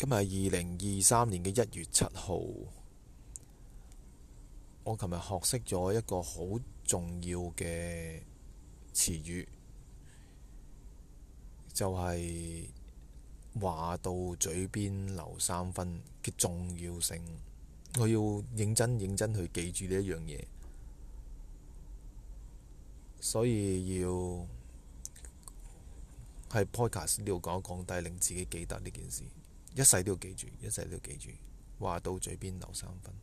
今日係二零二三年嘅一月七號。我琴日學識咗一個好重要嘅詞語，就係話到嘴邊留三分嘅重要性。我要認真認真去記住呢一樣嘢，所以要喺 Podcast 呢度講一講低，令自己記得呢件事。一世都要記住，一世都要記住，話到嘴邊，留三分。